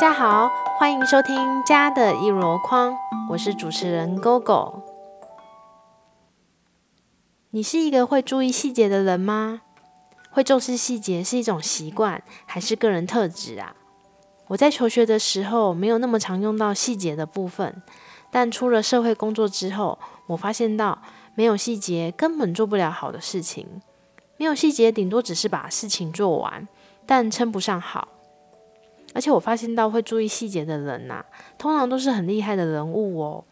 大家好，歡迎收聽《家的一籮筐》，我是主持人 GOGO。你是一個會注意細節的人嗎？會重視細節是一種習慣還是個人特質啊？我在求學的時候沒有那麼常用到細節的部分，但出了社會工作之後，我發現到沒有細節根本做不了好的事情。沒有細節，頂多只是把事情做完，但稱不上好。而且我發現到會注意細節的人吶、啊，通常都是很厲害的人物哦。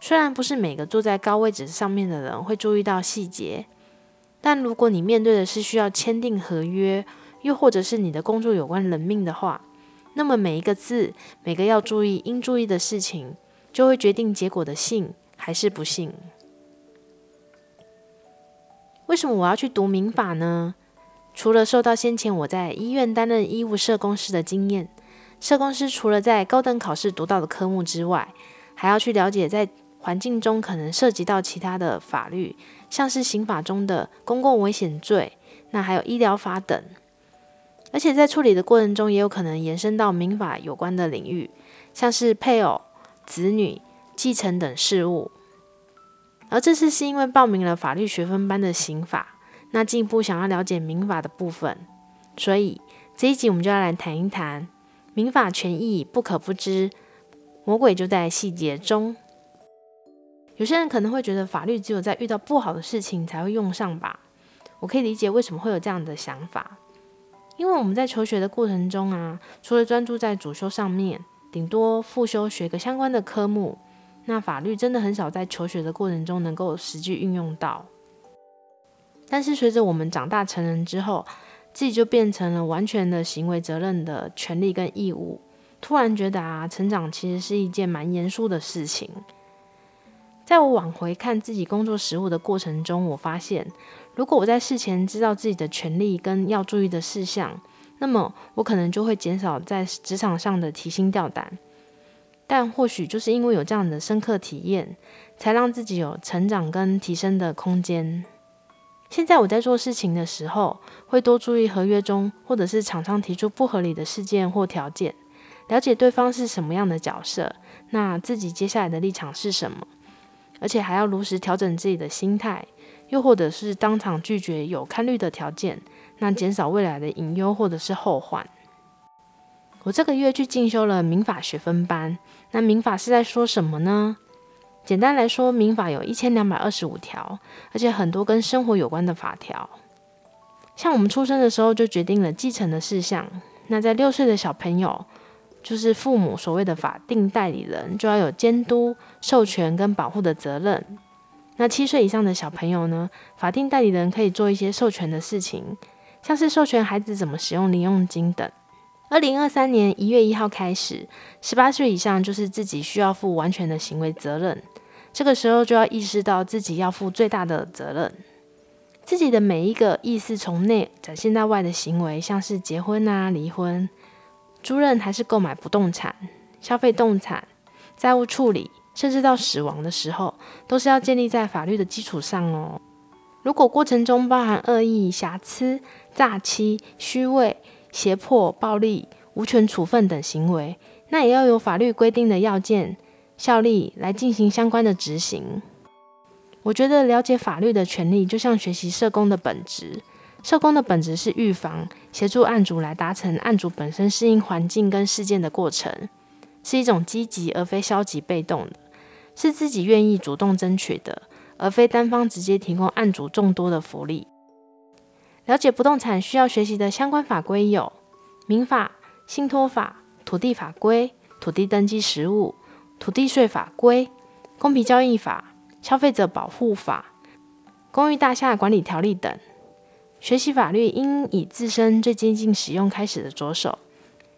雖然不是每個坐在高位置上面的人會注意到細節，但如果你面對的是需要簽訂合約，又或者是你的工作有關人命的話，那麼每一個字、每個要注意、應注意的事情，就會決定結果的幸還是不幸。為什麼我要去讀民法呢？除了受到先前我在醫院擔任醫務社工師的經驗，社工師除了在高等考試讀到的科目之外，還要去了解在環境中可能涉及到其他的法律，像是刑法中的公共危險罪，那還有醫療法等。而且在處理的過程中，也有可能延伸到民法有關的領域，像是配偶、子女、繼承等事務。而這次是因為報名了法律學分班的刑法。那進一步想要了解民法的部分，所以這一集我們就要來談一談民法權益不可不知，魔鬼就在細節中。有些人可能會覺得法律只有在遇到不好的事情才會用上吧？我可以理解為什麼會有這樣的想法，因為我們在求學的過程中啊，除了專注在主修上面，頂多輔修學個相關的科目，那法律真的很少在求學的過程中能夠實際運用到。但是隨着我們長大成人之後，自己就變成了完全的行為責任的權利跟義務。突然覺得啊，成長其實是一件蠻嚴肅的事情。在我往回看自己工作實務的過程中，我發現，如果我在事前知道自己的權利跟要注意的事項，那麼我可能就會減少在職場上的提心吊膽。但或許就是因為有這樣的深刻體驗，才讓自己有成長跟提升的空間。現在我在做事情的時候，會多注意合約中或者是廠商提出不合理的事件或條件，了解對方是什麼樣的角色，那自己接下來的立場是什麼，而且還要如實調整自己的心態，又或者是當場拒絕有看律的條件，那減少未來的隱憂或者是後患。我這個月去進修了民法學分班，那民法是在說什麼呢？簡單來說，民法有一千兩百二十五條，而且很多跟生活有關的法條，像我們出生的時候就決定了繼承的事項。那在六歲的小朋友，就是父母所謂的法定代理人，就要有監督、授權跟保護的責任。那七歲以上的小朋友呢，法定代理人可以做一些授權的事情，像是授權孩子怎麼使用零用金等。二零二三年一月一號開始，十八歲以上就是自己需要負完全的行為責任。這個時候就要意識到自己要負最大的責任。自己的每一個意思從內展現到外的行為，像是結婚啊、離婚、租賃還是購買不動產、消費動產、債務處理，甚至到死亡的時候，都是要建立在法律的基礎上哦。如果過程中包含惡意、瑕疵、詐欺、虛偽。脅迫、暴力、無權處分等行為，那也要有法律規定的要件效力來進行相關的執行。我覺得了解法律的權利，就像學習社工的本質。社工的本質是預防，協助案主來達成案主本身適應環境跟事件的過程，是一種積極而非消極被動的，是自己願意主動爭取的，而非單方直接提供案主眾多的福利。了解不動產需要學習的相關法規有民法、信託法、土地法規、土地登記實務、土地稅法規、公平交易法、消費者保護法、公寓大廈管理條例等。學習法律應以自身最接近使用開始的着手，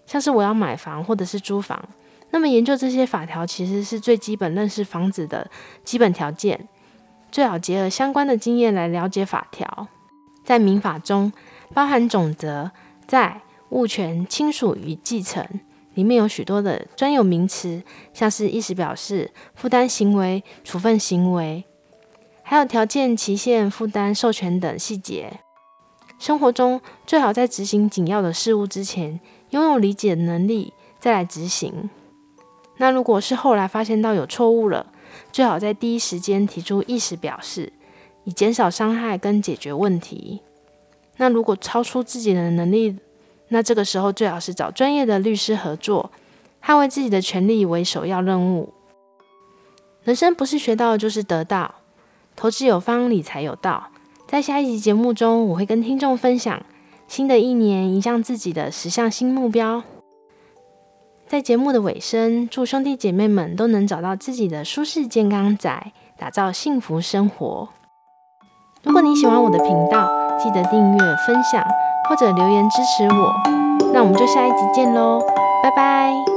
像是我要買房或者是租房，那麼研究這些法條其實是最基本認識房子的基本條件，最好結合相關的經驗來了解法條。在民法中，包含總則、在物權、親屬與繼承，裡面有許多的專有名詞，像是意思表示、負擔行為、處分行為，還有條件、期限、負擔、授權等細節。生活中最好在執行緊要的事物之前，擁有理解的能力再來執行。那如果是後來發現到有錯誤了，最好在第一時間提出意思表示。以減少傷害跟解決問題。那如果超出自己的能力，那這個時候最好是找專業的律師合作，捍衛自己的權利為首要任務。人生不是學到就是得到，投資有方，理財有道。在下一集節目中，我會跟聽眾分享新的一年迎向自己的十項新目標。在節目的尾聲，祝兄弟姐妹們都能找到自己的舒適健康宅，打造幸福生活。如果你喜歡我的頻道，記得訂閱、分享，或者留言支持我。那我們就下一集見嘍，拜拜。